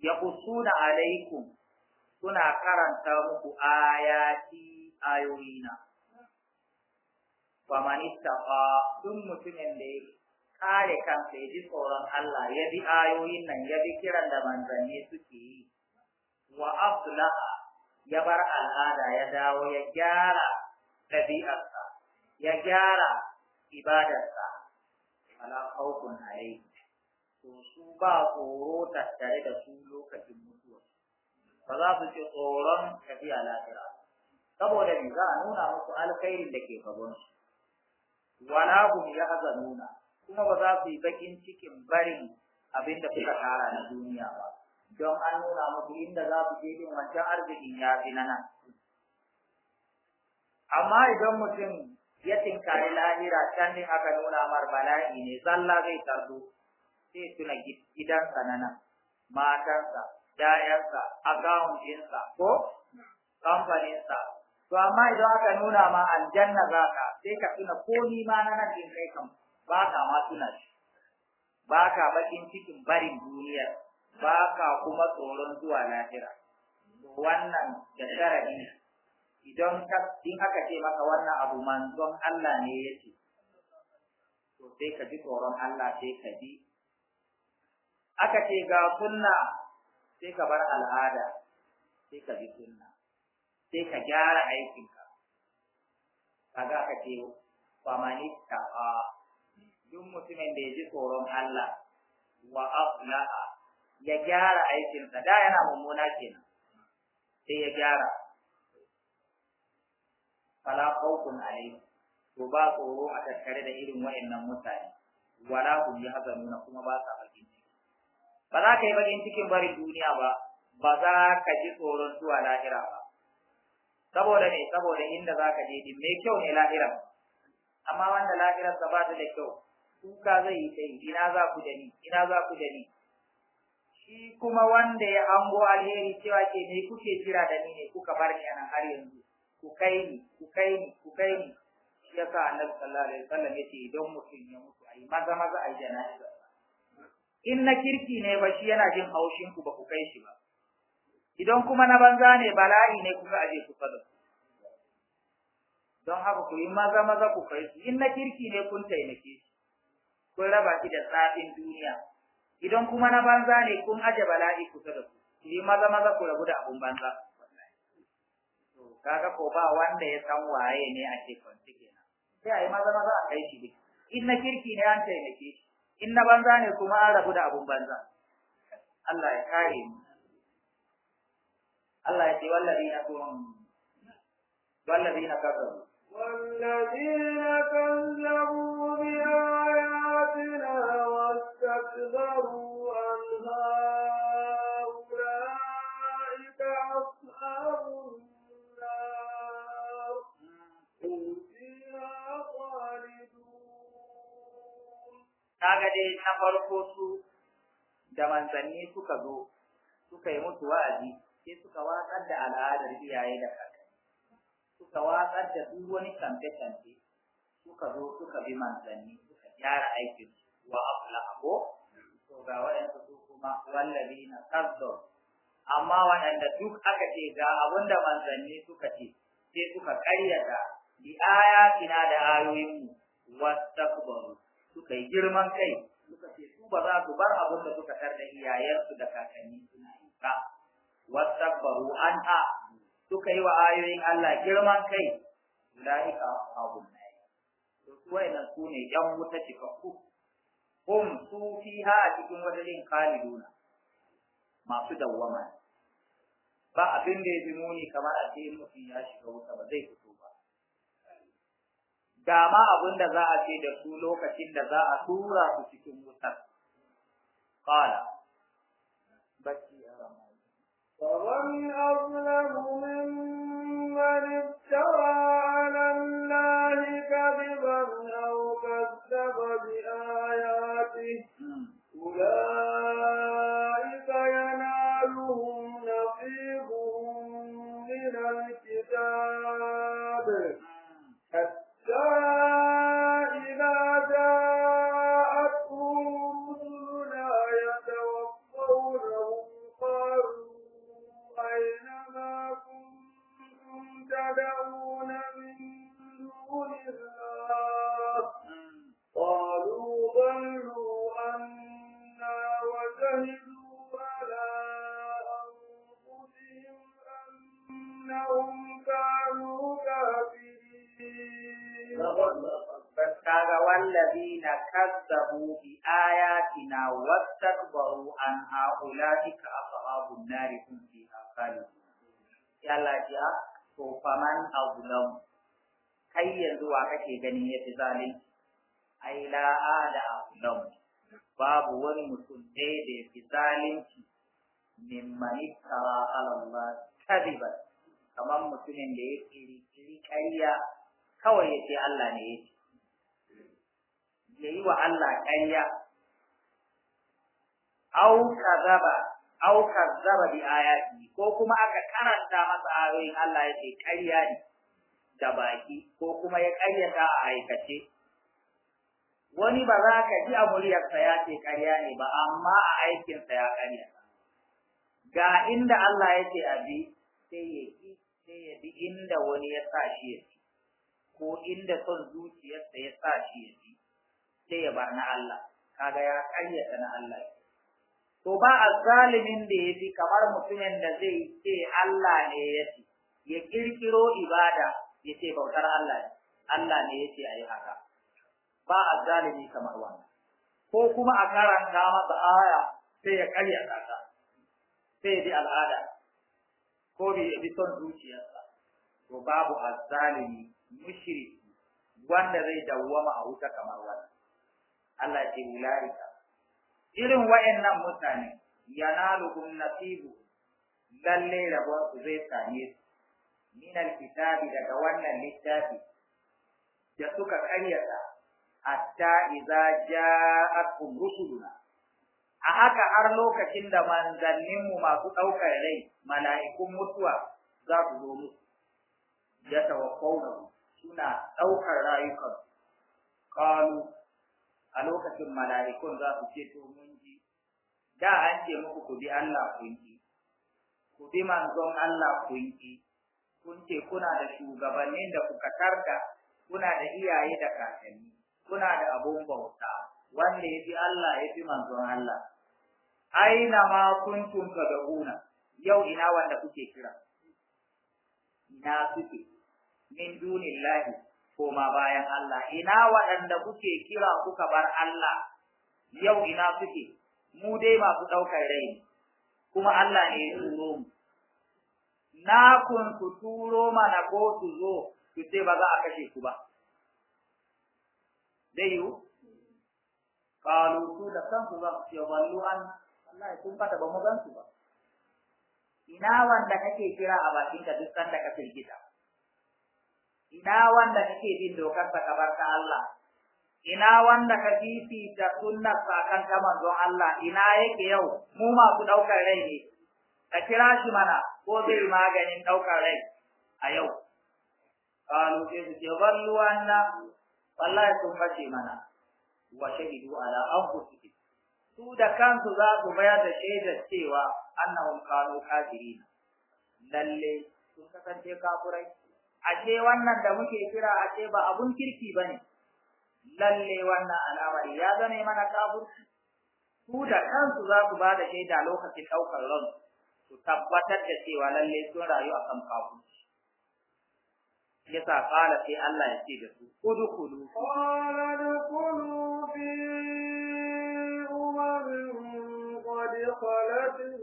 su zo alaikum suna karanta muku ayati ayoyina faman ba duk mutumin da ya kare kansa ya ji tsoron Allah ya bi ayoyin nan ya bi kiran da manzanni suke yi wa aflaha ya bar al'ada ya dawo ya gyara ɗabi'arsa ya gyara ibadarsa ala khawfun alayhi to su ba tsoro tattare da su lokacin mutuwa ba za su ci tsoron tafiya lahira saboda bi za a nuna musu alkhairin da ke gaban su wala hum yahzanuna kuma ba za su yi bakin cikin barin abin da suka tara na duniya ba don an nuna musu inda za su je din wancan arzikin ya fi na nan amma idan mutum ya tinkari lahira can din aka nuna mar bala'i ne zalla zai tardo sai tuna gidansa na nan matansa ‘ya'yansa akawun ɗinsa ko kamfaninsa to amma idan aka nuna ma aljanna za ka sai ka tuna ko ni na nan din kai kam ba ka ma tuna shi ba ka bakin cikin barin duniya ba ka kuma tsoron zuwa lahira wannan da sharadi idan in aka ce maka wannan abu manzon Allah ne ya ce to sai ka ji tsoron Allah sai ka ji aka ce ga sunna sai ka bar al'ada sai ka bi sunna sai ka gyara aikinka kaga aka ce fa manista a duk mutumin da ya ji tsoron Allah wa aflaha ya gyara aikinsa da yana mummuna kenan sai ya gyara fala khawfun alaihim to ba tsoro a tattare da irin wa'annan mutane wala hum yahzanuna kuma ba sa bakin ciki ba za ka yi bakin cikin barin duniya ba ba za ka ji tsoron zuwa lahira ba saboda ne saboda inda za ka je din mai kyau ne lahira amma wanda lahira sa ba ta da kyau kuka zai yi sai ina za ku da ni ina za ku da ni shi kuma wanda ya hango alheri cewa ke ne kuke jira da ni ne kuka bar ni nan har yanzu ku kai ni ku kai ni ku kai ni shi sa annabi sallallahu alaihi wasallam yace idan mutum ya mutu ayi maza maza ayi jana'iza in na kirki ne ba shi yana jin haushin ku ba ku kai shi ba idan kuma na banza ne bala'i ne kuka aje ku fada don haka ku yi maza maza ku kai shi in na kirki ne kun taimake shi kun raba shi da tsafin duniya idan kuma na banza ne kun aje bala'i kusa da ku ku yi maza maza ku rabu da abun banza kaga ko ba wanda ya san waye ne a ke kwanci kenan sai a yi maza maza a kai shi ne in na kirki ne an taimake shi in na banza ne kuma an rabu da abun banza Allah ya kare mu Allah ya ce wallazina kun wallazina kafaru والذين كذبوا بآياتنا واستكبروا عنها kaga dai na farko su da manzanni suka zo suka yi musu wa'azi sai suka watsar da al'adar iyaye da kakanni suka watsar da duk wani kamfe-kamfe suka zo suka bi manzanni suka gyara aikin wa aflaha ko to ga wa'anda su kuma wallabi na kazzon amma wa'anda duk aka ce ga abin da manzanni suka ce sai suka ƙaryata bi ayatina da ayoyinmu wastakbaru suka yi girman kai suka ce su ba za su bar abin da suka tarda iyayensu da kakanni suna yi ba wasabbaru ha suka yi wa ayoyin Allah girman kai abun da ya yi su su ne yan wuta cikakku hum su ha a cikin wajen khaliduna masu dawwama ba abin da ya fi muni kamar a ce mutum ya shiga wuta ba zai fito ga ma abin da za a ce da su lokacin da za a tura su cikin wutar qala baki arama فمن أظلم ممن افترى على الله كذبا كذب kaga wallazina kazzabu bi ayatina wastakbaru an ka ashabun nari hum fiha khalidun Ya ja to faman azlam kai yanzu wa kake ganin fi zalunci ai la ada azlam babu wani mutum ɗaya da fi zalunci mimman ittara ala Allah kadiban kamar mutumin da ya kiri kiri ƙarya kawai ce Allah ne yake ya yi wa Allah ƙarya au kazaba au kazaba bi ayati ko kuma aka karanta masa ayoyin Allah ya ce ƙarya ne da baki ko kuma ya ƙaryata a aikace wani ba za ka ji a muryarsa ya ce ƙarya ne ba amma a aikinsa ya ƙaryata ga inda Allah ya ce abi sai ya sai ya bi inda wani ya sa shi ya ci ko inda son zuciyarsa ya sa shi ya ci sai ya ba na Allah kaga ya karyata na Allah to ba azzalimin da yafi kamar mutumin da zai ce Allah ne yafi ya kirkiro ibada ya ce bautar Allah ne Allah ne yafi ayi haka ba azzalimi kamar wannan ko kuma a karanta masa aya sai ya karyata ta sai ya bi al'ada ko bi son zuciyarsa to babu azzalimi mushriki wanda zai dawwama a wuta kamar wannan Allah ke ulaika irin wayannan mutane lukun nasibu lalle rabon su zai same su min kitabi daga wannan littafi da suka karyata hatta idza ja'atkum rusuluna a haka har lokacin da manzanninmu masu ɗaukar rai mala'ikun mutuwa za su zo musu ya tawaffau suna ɗaukar rayukan kalu a lokacin mala'ikun za su ce to mun ji da an ce muku ku bi Allah kun ji ku bi manzon Allah kun ji kun ce kuna da shugabannin da kuka tarda kuna da iyaye da kakanni kuna da abun bauta wanda ya fi Allah ya fi manzon Allah aina ma da una, yau ina wanda kuke kira Na suke min dunillahi koma bayan Allah ina waɗanda kuke kira kuka bar Allah yau ina suke mu dai masu ɗaukar rai kuma Allah ne ya turo mu na kun ku turo mana ko su zo ku ce ba za a kashe ku ba dai yiwu kalu su da ku za su ce wallu an Allah kun fata ba mu gan su ba ina wanda kake kira a bakin ka duk sanda ka firgita ina wanda kake bin dokar ta kabar ta Allah ina wanda ka fifita ta sunna ta manzon Allah ina yake yau mu masu daukar rai ne ka kira shi mana ko zai maganin daukar rai a yau qalu ke su ce ballu anna wallahi sun fashe mana wa shahidu ala anfusihim su da kansu za su bayar da shaidar cewa annahum qalu kafirin lalle sun kasance kafirai ashe wannan da muke kira ashe ba abun kirki bane lalle wannan al'amari ya zane mana kafirci su da kansu za su ba da shaida lokacin ɗaukar ran su tabbatar da cewa lalle sun rayu a akan kafirci yasa kala sai Allah ya ce da su udkhulu qala dkhulu fi umarin qad khalat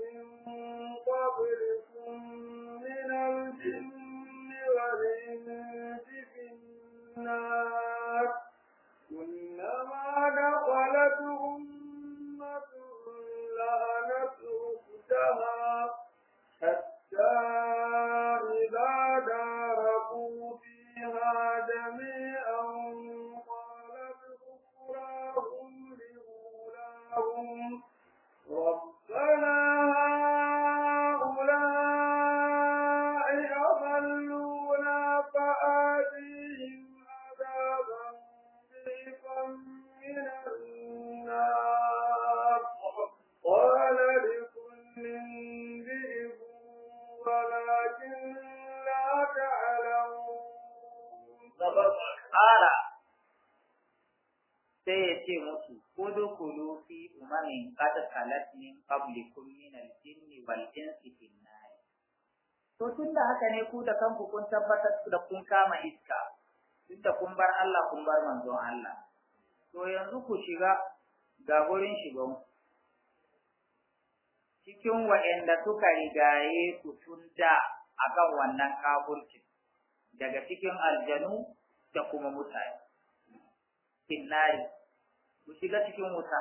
haka ne ku da kanku kun tabbatar da kun kama iska tunda kun bar Allah kun bar manzon Allah to yanzu ku shiga ga gurin shigan cikin waɗanda suka rigaye ku tun da akan wannan kafurcin daga cikin aljanu da kuma mutane finnari ku shiga cikin wuta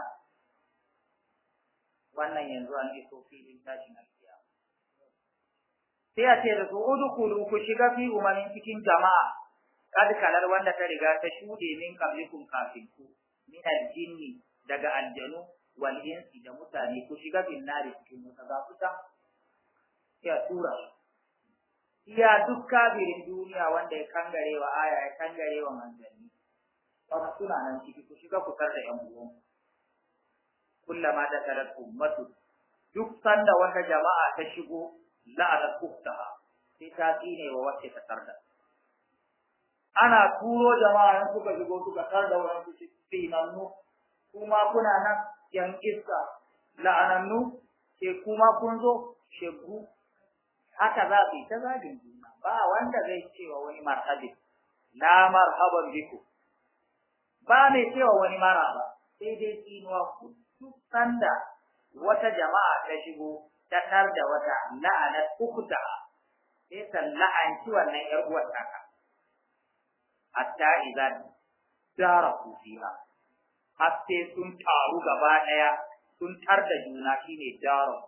wannan yanzu an iso filin tashin sai a ce da su Kulu ku shiga fi umarin cikin jama'a kad kalar wanda ta riga ta shude min qablikum kafin ku min aljinni daga aljanu wal insi da mutane ku shiga bin nari cikin wuta za ku ta ya tura iya duk kafirin duniya wanda ya kangare wa aya ya kangare wa manzanni wata suna nan ciki ku shiga ku da yan uwan kullama da kalar ummatu duk sanda wata jama'a ta shigo la'anat ukhtaha sai ta tsine wa wacce ta tarda ana turo jama'a yan suka shigo suka tarda wa su tsinannu kuma kuna nan yan iska la'anannu ke kuma kun zo shegu haka za su ta zagin juna ba wanda zai cewa wani marhabin na marhaban biku ba mai cewa wani mara ba, sai dai tsinuwa duk sanda wata jama'a ta shigo tatar da wata la'anat ukhta sai ta la'anci wannan yar uwar taka hatta idan dara ku fiha hatta sun taru gaba daya sun tar da juna shine dara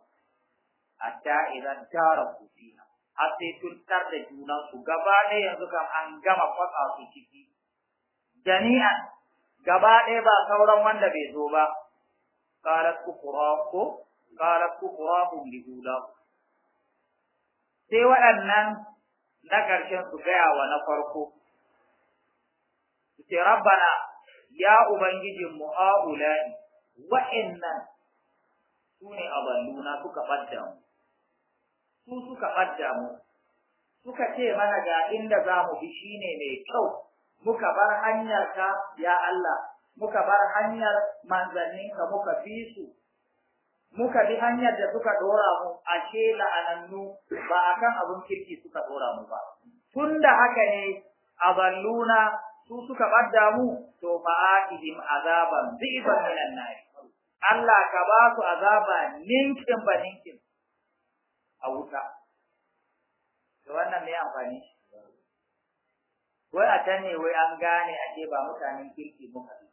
hatta idan dara ku fiha hatta sun tar da juna su gaba daya yanzu kan an gama kwatsa su ciki jami'an gaba daya ba sauran wanda bai zo ba ku ukhra ko qalat uqrahum li sai waɗannan na ƙarshen su gaya wa na farko sai rabbana ya ubangijin mu haulani wa'annan su ne aballuna suka ɓadda mu su suka ɓadda mu suka ce mana ga inda za mu bi shine mai kyau muka bar hanyarka ya Allah muka bar hanyar manzanninka muka fi su muka bi hanyar da suka dora mu a ashe la'anannu ba a kan abun kirki suka dora mu ba tunda haka ne aballuna su suka ɓadda mu to fa atihim azaban dhiban minan nar Allah ka ba su azaba ninkin ba ninkin a wuta to wannan me amfani wai a can wai an gane a ce ba mutanen kirki muka bi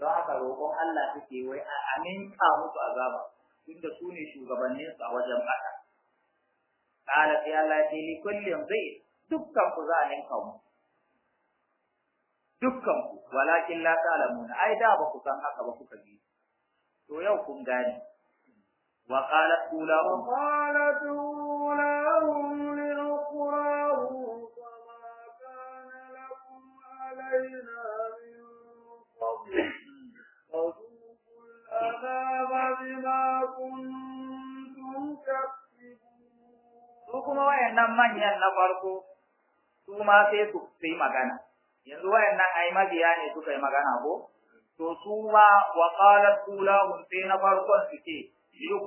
don haka roƙon Allah take wai a ka musu azaba inda su ne shugabannin su a wajen bata qala ya Allah ni li kullin zai dukkan ku za a ninka mu dukkan ku walakin la ta'lamuna ai da ba ku san haka ba kuka ji to yau kun gane wa qalat ulahum qalat ulahum kuntum Su kuma wayannan manyan na farko su ma sai su yi magana. Yanzu wayannan ai mabiya ne suka yi magana ko? To su ma wa qalat ulahum sai na farkon su ce su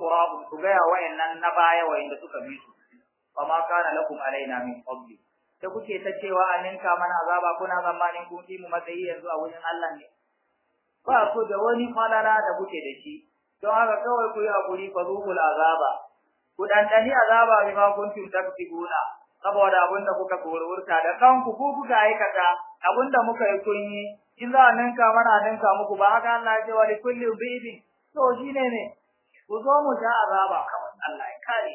ga wayannan na baya wayanda suka bi su. Fama kana lakum alaina min fadli. Da kuke ta cewa an ninka mana azaba kuna zamanin kun mu matsayi yanzu a wurin Allah ne. Ba ku da wani falala da kuke da shi, don haka kawai ku yi hakuri fa zuku azaba ku dani azaba bi ma kuntum taktibuna saboda abinda kuka korurta da kanku ku kuka aikata abinda muka yi kun yi in za a ninka mana ninka muku ba haka Allah ya ce wa likulli bibi to shi ne ku zo mu sha azaba kawai Allah ya kare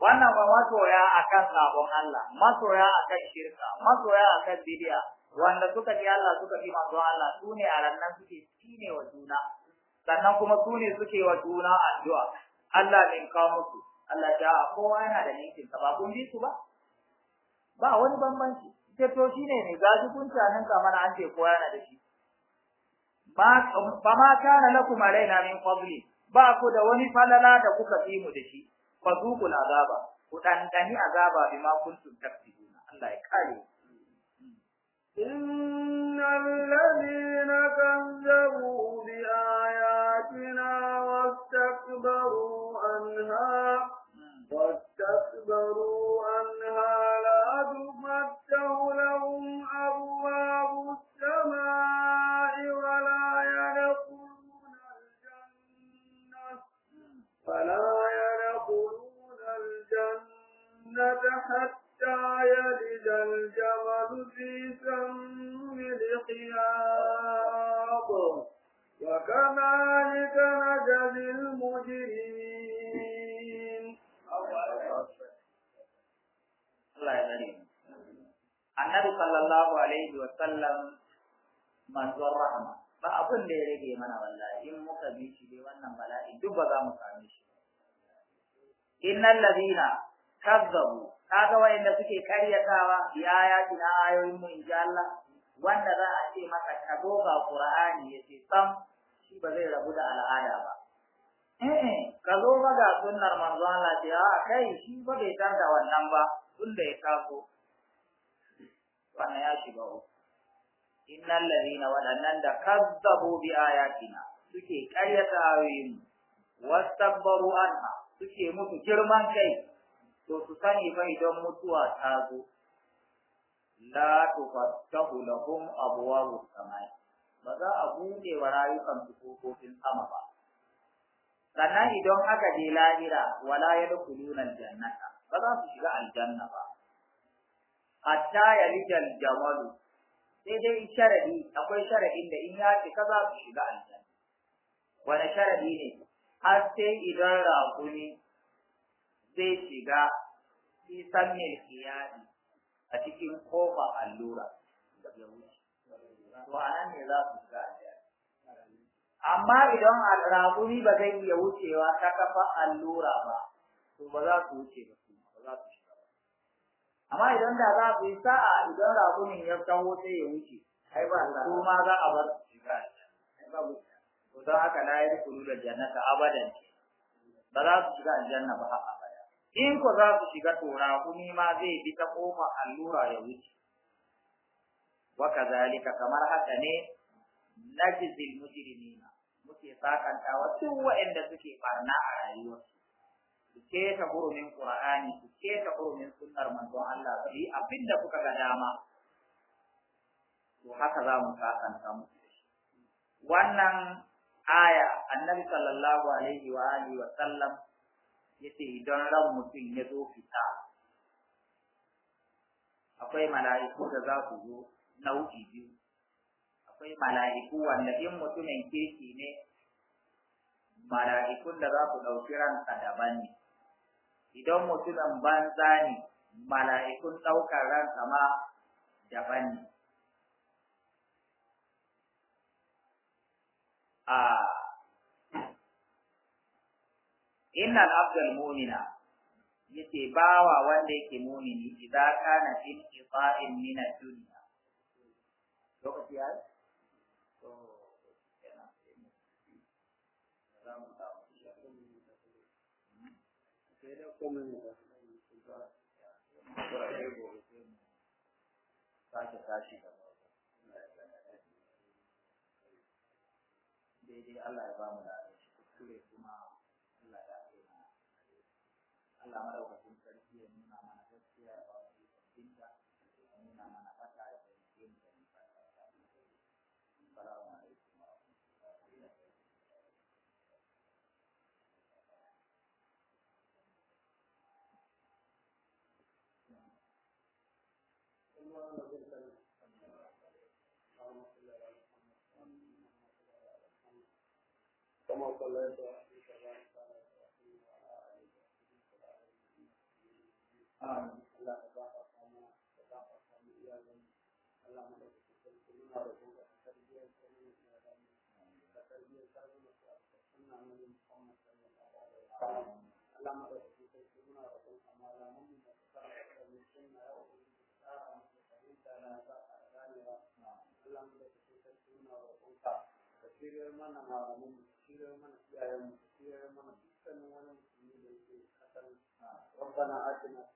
wannan ba masoya akan sabon Allah masoya akan shirka masoya akan bidiya wanda suka ji Allah suka bi manzo Allah sune a rannan suke shine wa juna sannan kuma su ne suke wa juna addu'a Allah min ka musu Allah a kowa yana da ninkin ba kun bi su ba ba wani bambanci ke to shine ne gaji kun tanan kamar an ce kowa yana da shi ba ma kana lakum alaina min qabli ba ku da wani falala da kuka fi mu da shi fazuqul azaba ku dandani azaba bima kuntum takfuruna Allah ya kare إن الذين كذبوا بآياتنا آياتنا واستكبروا عنها واستكبروا عنها لا تفتح لهم أبواب السماء ولا يدخلون الجنة فلا يدخلون الجنة حتى يلد الجمل في سم الخياط وكذلك نجزي المجرمين الله يغني annabi sallallahu alaihi wa sallam manzon rahama ba abin da ya rage mana wallahi in muka bi shi dai wannan bala'i duk ba za mu sami shi innal ladina kazzabu kaga wayanda suke karyatawa ya ya kina ayoyin mu insha Allah wanda za a ce maka ka zo ga Qur'ani ya ce sam shi ba zai rabu da al'ada ba Eh, eh. ka zo ga sunnar manzo Allah ce a ah, kai shi ba bai tar da wannan ba tun da ya kago wannan ya shiga uku innal ladina wadannan da kazzabu bi ayatina suke karyata ayoyin wastabbaru anha suke mutu girman kai to su sani fa idan mutuwa ta zo la tufattahu lahum abwaabus samaa'i ba za a buɗe wa rayukan su kofofin sama ba sannan idan aka je lahira wala yadkhuluna aljannata ba za su shiga aljanna ba hatta yalijal jamalu sai dai sharadi akwai sharadin da in ya cika za su shiga aljanna wani sharadi ne har sai idan raƙumi zai shiga isan milkiyadi a cikin kofa allura da ya wuce to ne za su ga amma idan raƙumi ba zai iya wucewa ta kafa allura ba to ba za su wuce ba ba za su shiga ba amma idan da za su yi sa'a idan raƙumin ya kawo sai ya wuce ai ba su ma za a bar su shiga don haka yi yadkhulu da jannata abadan ba za su shiga aljanna ba haka in ku za su shiga ku ni ma zai bi ta ƙofar allura ya wuce wa kazalika kamar haka ne najzil mujrimina muke sakanta wa duk waɗanda suke barna a rayuwarsu su keta hurumin qur'ani su keta hurumin sunnar manzon Allah su abinda abin da kuka ga dama to haka za mu sakanta mu? wannan aya annabi sallallahu alaihi wa alihi wa sallam yace idan ran mutum ya zo fita akwai mala'iku da za su zo nau'i biyu akwai mala'iku wanda in mutumin kirki ne mala'ikun da za su ɗauki ransa daban ne idan mutumin banza ne mala'ikun ɗaukar ransa ma daban ne a ah, inna al-abdal mu'mina yace bawa wanda yake mu'mini idan kana fi qita'in min ad-dunya lokaci ya to sake daidai Allah ya ba mu da તમારા વચન કરીએ એમની મામાના દ્રષ્ટિએ ચિંતા એમની મામાના પચાય કેમ કરાવવામાં આવી છે اللهم اغفر لنا اللهم صل على محمد وعلى آل محمد كما صليت على آمين الله تبارك لنا تبارك لنا اللهم لك التسليم ورسولك تربية الكريم وتربية الكريم وتسلمنا من محمد صلى الله عليه وسلم اللهم لك التسليم ورسولك ما لا مؤمن وتسلمنا من سنة يوم اللهم لك التسليم ورسولك كثير من معلوم كثير من أيام كثير من كثير من مسلمين ربنا آتنا